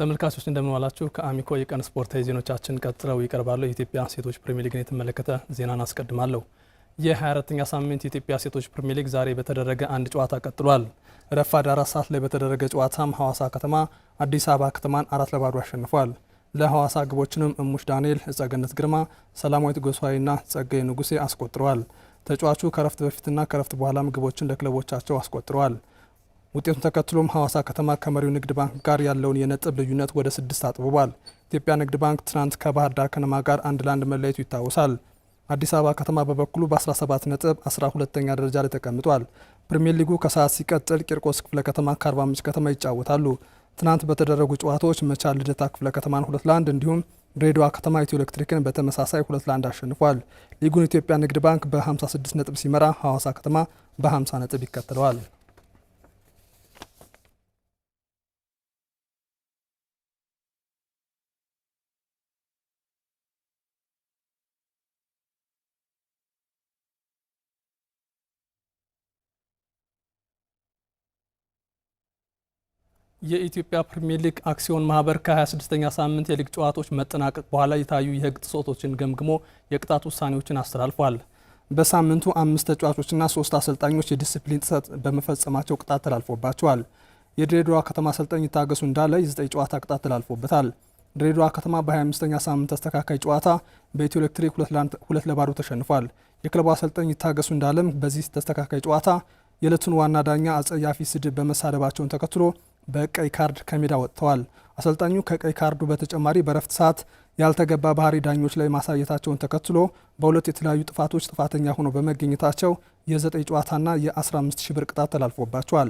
ተመልካቾች እንደምን ከአሚኮ የቀን ስፖርታዊ ዜናዎቻችን ቀጥለው ይቀርባሉ። የኢትዮጵያ ሴቶች ፕሪሚየር ሊግን የተመለከተ ዜናን አስቀድማለሁ። የ24ኛ ሳምንት የኢትዮጵያ ሴቶች ፕሪሚየር ሊግ ዛሬ በተደረገ አንድ ጨዋታ ቀጥሏል። ረፋድ አራት ሰዓት ላይ በተደረገ ጨዋታም ሐዋሳ ከተማ አዲስ አበባ ከተማን አራት ለባዶ አሸንፏል። ለሐዋሳ ግቦችንም እሙሽ ዳንኤል፣ ጸገነት ግርማ፣ ሰላማዊት ጎሳዊና ጸጋይ ንጉሴ አስቆጥረዋል። ተጫዋቹ ከረፍት በፊትና ከረፍት በኋላም ግቦችን ለክለቦቻቸው አስቆጥረዋል። ውጤቱን ተከትሎም ሐዋሳ ከተማ ከመሪው ንግድ ባንክ ጋር ያለውን የነጥብ ልዩነት ወደ ስድስት አጥብቧል። ኢትዮጵያ ንግድ ባንክ ትናንት ከባህር ዳር ከነማ ጋር አንድ ለአንድ መለየቱ ይታወሳል። አዲስ አበባ ከተማ በበኩሉ በ17 ነጥብ 12ኛ ደረጃ ላይ ተቀምጧል። ፕሪሚየር ሊጉ ከሰዓት ሲቀጥል ቂርቆስ ክፍለ ከተማ ከአርባ ምንጭ ከተማ ይጫወታሉ። ትናንት በተደረጉ ጨዋታዎች መቻል ልደታ ክፍለ ከተማን ሁለት ለአንድ እንዲሁም ድሬዳዋ ከተማ ኢትዮ ኤሌክትሪክን በተመሳሳይ ሁለት ለአንድ አሸንፏል። ሊጉን ኢትዮጵያ ንግድ ባንክ በ56 ነጥብ ሲመራ ሐዋሳ ከተማ በ50 ነጥብ ይከተለዋል። የኢትዮጵያ ፕሪሚየር ሊግ አክሲዮን ማህበር ከ26ኛ ሳምንት የሊግ ጨዋታዎች መጠናቀቅ በኋላ የታዩ የህግ ጥሰቶችን ገምግሞ የቅጣት ውሳኔዎችን አስተላልፏል። በሳምንቱ አምስት ተጫዋቾችና ሶስት አሰልጣኞች የዲስፕሊን ጥሰት በመፈጸማቸው ቅጣት ተላልፎባቸዋል። የድሬዳዋ ከተማ አሰልጣኝ ይታገሱ እንዳለ የዘጠኝ ጨዋታ ቅጣት ተላልፎበታል። ድሬዳዋ ከተማ በ25ኛ ሳምንት ተስተካካይ ጨዋታ በኢትዮ ኤሌክትሪክ ሁለት ለባዶ ተሸንፏል። የክለቡ አሰልጣኝ ይታገሱ እንዳለም በዚህ ተስተካካይ ጨዋታ የዕለቱን ዋና ዳኛ አጸያፊ ስድብ በመሳደባቸውን ተከትሎ በቀይ ካርድ ከሜዳ ወጥተዋል። አሰልጣኙ ከቀይ ካርዱ በተጨማሪ በረፍት ሰዓት ያልተገባ ባህሪ ዳኞች ላይ ማሳየታቸውን ተከትሎ በሁለት የተለያዩ ጥፋቶች ጥፋተኛ ሆኖ በመገኘታቸው የ9 ጨዋታና የ15 ሺህ ብር ቅጣት ተላልፎባቸዋል።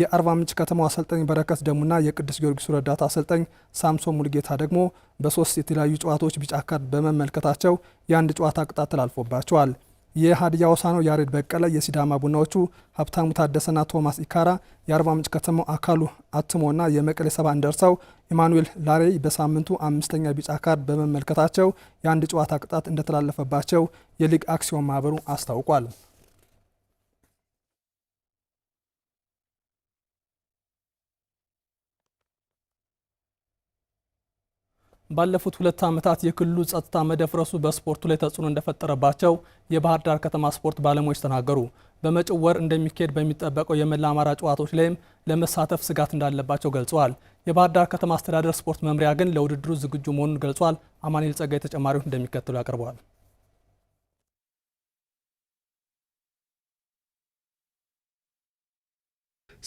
የአርባ ምንጭ ከተማው አሰልጣኝ በረከት ደሙና የቅዱስ ጊዮርጊስ ረዳት አሰልጣኝ ሳምሶን ሙልጌታ ደግሞ በሶስት የተለያዩ ጨዋታዎች ቢጫ ካርድ በመመልከታቸው የአንድ ጨዋታ ቅጣት ተላልፎባቸዋል። የሀዲያ ነው። ያሬድ በቀለ፣ የሲዳማ ቡናዎቹ ሀብታሙ ታደሰና ቶማስ ኢካራ፣ የአርባ ምንጭ ከተማው አካሉ አትሞና የመቀሌ ሰባ እንደርሰው ኢማኑኤል ላሬ በሳምንቱ አምስተኛ ቢጫ ካርድ በመመልከታቸው የአንድ ጨዋታ ቅጣት እንደተላለፈባቸው የሊግ አክሲዮን ማህበሩ አስታውቋል። ባለፉት ሁለት ዓመታት የክልሉ ጸጥታ መደፍረሱ በስፖርቱ ላይ ተጽዕኖ እንደፈጠረባቸው የባህር ዳር ከተማ ስፖርት ባለሙያዎች ተናገሩ። በመጪው ወር እንደሚካሄድ በሚጠበቀው የመላ አማራ ጨዋታዎች ላይም ለመሳተፍ ስጋት እንዳለባቸው ገልጸዋል። የባህር ዳር ከተማ አስተዳደር ስፖርት መምሪያ ግን ለውድድሩ ዝግጁ መሆኑን ገልጿል። አማኒል ጸጋይ ተጨማሪዎች እንደሚከተሉ ያቀርበዋል።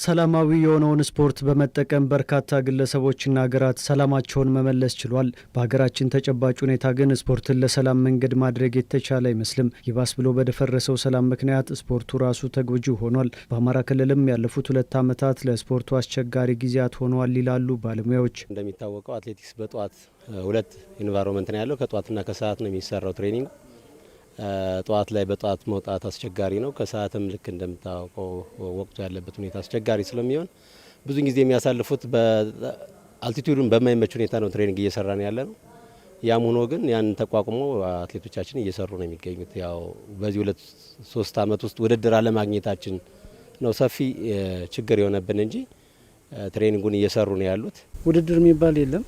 ሰላማዊ የሆነውን ስፖርት በመጠቀም በርካታ ግለሰቦችና ሀገራት ሰላማቸውን መመለስ ችሏል። በሀገራችን ተጨባጭ ሁኔታ ግን ስፖርትን ለሰላም መንገድ ማድረግ የተቻለ አይመስልም። ይባስ ብሎ በደፈረሰው ሰላም ምክንያት ስፖርቱ ራሱ ተጎጂ ሆኗል። በአማራ ክልልም ያለፉት ሁለት ዓመታት ለስፖርቱ አስቸጋሪ ጊዜያት ሆነዋል ይላሉ ባለሙያዎች። እንደሚታወቀው አትሌቲክስ በጠዋት ሁለት ኢንቫይሮንመንት ነው ያለው። ከጠዋትና ከሰዓት ነው የሚሰራው ትሬኒንግ ጠዋት ላይ በጠዋት መውጣት አስቸጋሪ ነው። ከሰዓትም ልክ እንደምታውቀው ወቅቱ ያለበት ሁኔታ አስቸጋሪ ስለሚሆን ብዙ ጊዜ የሚያሳልፉት በአልቲቱዱን በማይመች ሁኔታ ነው ትሬኒንግ እየሰራን ያለ ነው። ያም ሆኖ ግን ያን ተቋቁሞ አትሌቶቻችን እየሰሩ ነው የሚገኙት። ያው በዚህ ሁለት ሶስት አመት ውስጥ ውድድር አለማግኘታችን ነው ሰፊ ችግር የሆነብን እንጂ ትሬኒንጉን እየሰሩ ነው ያሉት። ውድድር የሚባል የለም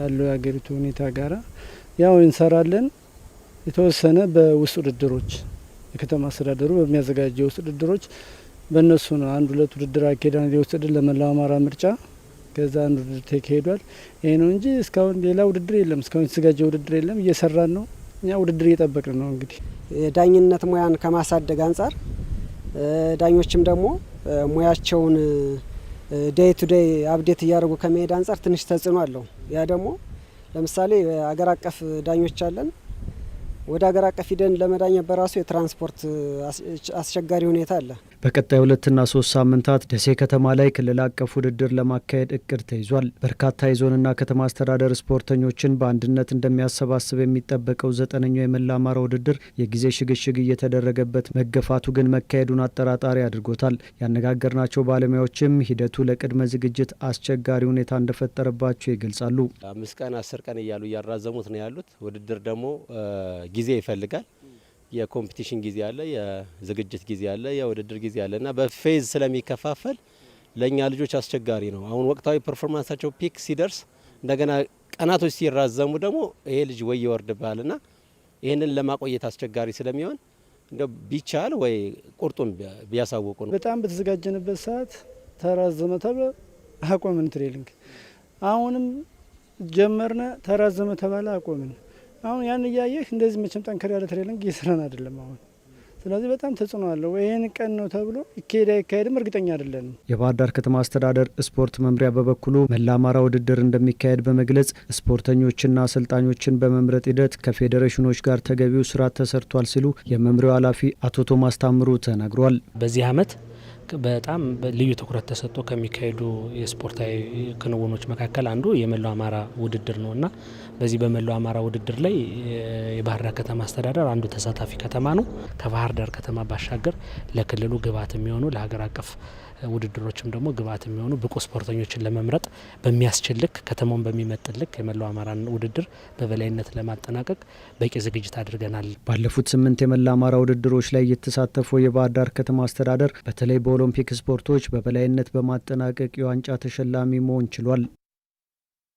ያለው የሀገሪቱ ሁኔታ ጋራ ያው እንሰራለን የተወሰነ በውስጥ ውድድሮች የከተማ አስተዳደሩ በሚያዘጋጀ የውስጥ ውድድሮች በእነሱ ነው። አንድ ሁለት ውድድር አካሄዳን የውስጥ ለመላው አማራ ምርጫ ከዛ አንድ ውድድር ተካሄዷል። ይህ ነው እንጂ እስካሁን ሌላ ውድድር የለም። እስካሁን የተዘጋጀ ውድድር የለም። እየሰራን ነው እኛ ውድድር እየጠበቅን ነው። እንግዲህ የዳኝነት ሙያን ከማሳደግ አንጻር ዳኞችም ደግሞ ሙያቸውን ዴይ ቱ ዴይ አብዴት እያደረጉ ከመሄድ አንጻር ትንሽ ተጽዕኖ አለው። ያ ደግሞ ለምሳሌ አገር አቀፍ ዳኞች አለን ወደ ሀገር አቀፍ ሂደን ለመዳኘት በራሱ የትራንስፖርት አስቸጋሪ ሁኔታ አለ። በቀጣይ ሁለትና ሶስት ሳምንታት ደሴ ከተማ ላይ ክልል አቀፍ ውድድር ለማካሄድ እቅድ ተይዟል። በርካታ የዞንና ከተማ አስተዳደር ስፖርተኞችን በአንድነት እንደሚያሰባስብ የሚጠበቀው ዘጠነኛው የመላ አማራ ውድድር የጊዜ ሽግሽግ እየተደረገበት መገፋቱ ግን መካሄዱን አጠራጣሪ አድርጎታል። ያነጋገርናቸው ባለሙያዎችም ሂደቱ ለቅድመ ዝግጅት አስቸጋሪ ሁኔታ እንደፈጠረባቸው ይገልጻሉ። አምስት ቀን አስር ቀን እያሉ እያራዘሙት ነው ያሉት። ውድድር ደግሞ ጊዜ ይፈልጋል። የኮምፒቲሽን ጊዜ አለ፣ የዝግጅት ጊዜ አለ፣ የውድድር ጊዜ አለ እና በፌዝ ስለሚከፋፈል ለእኛ ልጆች አስቸጋሪ ነው። አሁን ወቅታዊ ፐርፎርማንሳቸው ፒክ ሲደርስ እንደገና ቀናቶች ሲራዘሙ ደግሞ ይሄ ልጅ ወይ ይወርድብሃል ና ይህንን ለማቆየት አስቸጋሪ ስለሚሆን እንደ ቢቻል ወይ ቁርጡን ቢያሳውቁ ነው። በጣም በተዘጋጀንበት ሰዓት ተራዘመ ተብሎ አቆምን ትሬሊንግ አሁንም ጀመርነ ተራዘመ ተባለ አቆምን። አሁን ያን እያየህ እንደዚህ መቼም ጠንከር ያለ ትሬኒንግ እየሰራን አይደለም አሁን። ስለዚህ በጣም ተጽዕኖ አለው። ይህን ቀን ነው ተብሎ ይካሄድ አይካሄድም እርግጠኛ አይደለንም። የባህር ዳር ከተማ አስተዳደር ስፖርት መምሪያ በበኩሉ መላ አማራ ውድድር እንደሚካሄድ በመግለጽ ስፖርተኞችና አሰልጣኞችን በመምረጥ ሂደት ከፌዴሬሽኖች ጋር ተገቢው ስራ ተሰርቷል ሲሉ የመምሪያው ኃላፊ አቶ ቶማስ ታምሩ ተናግሯል። በዚህ አመት በጣም ልዩ ትኩረት ተሰጥቶ ከሚካሄዱ የስፖርታዊ ክንውኖች መካከል አንዱ የመላው አማራ ውድድር ነው እና በዚህ በመላው አማራ ውድድር ላይ የባህር ዳር ከተማ አስተዳደር አንዱ ተሳታፊ ከተማ ነው። ከባህር ዳር ከተማ ባሻገር ለክልሉ ግብዓት የሚሆኑ ለሀገር አቀፍ ውድድሮችም ደግሞ ግብዓት የሚሆኑ ብቁ ስፖርተኞችን ለመምረጥ በሚያስችል ልክ ከተማውን በሚመጥልክ ልክ የመላው አማራን ውድድር በበላይነት ለማጠናቀቅ በቂ ዝግጅት አድርገናል። ባለፉት ስምንት የመላው አማራ ውድድሮች ላይ የተሳተፈው የባህር ዳር ከተማ አስተዳደር በተለይ በ በኦሎምፒክ ስፖርቶች በበላይነት በማጠናቀቅ የዋንጫ ተሸላሚ መሆን ችሏል።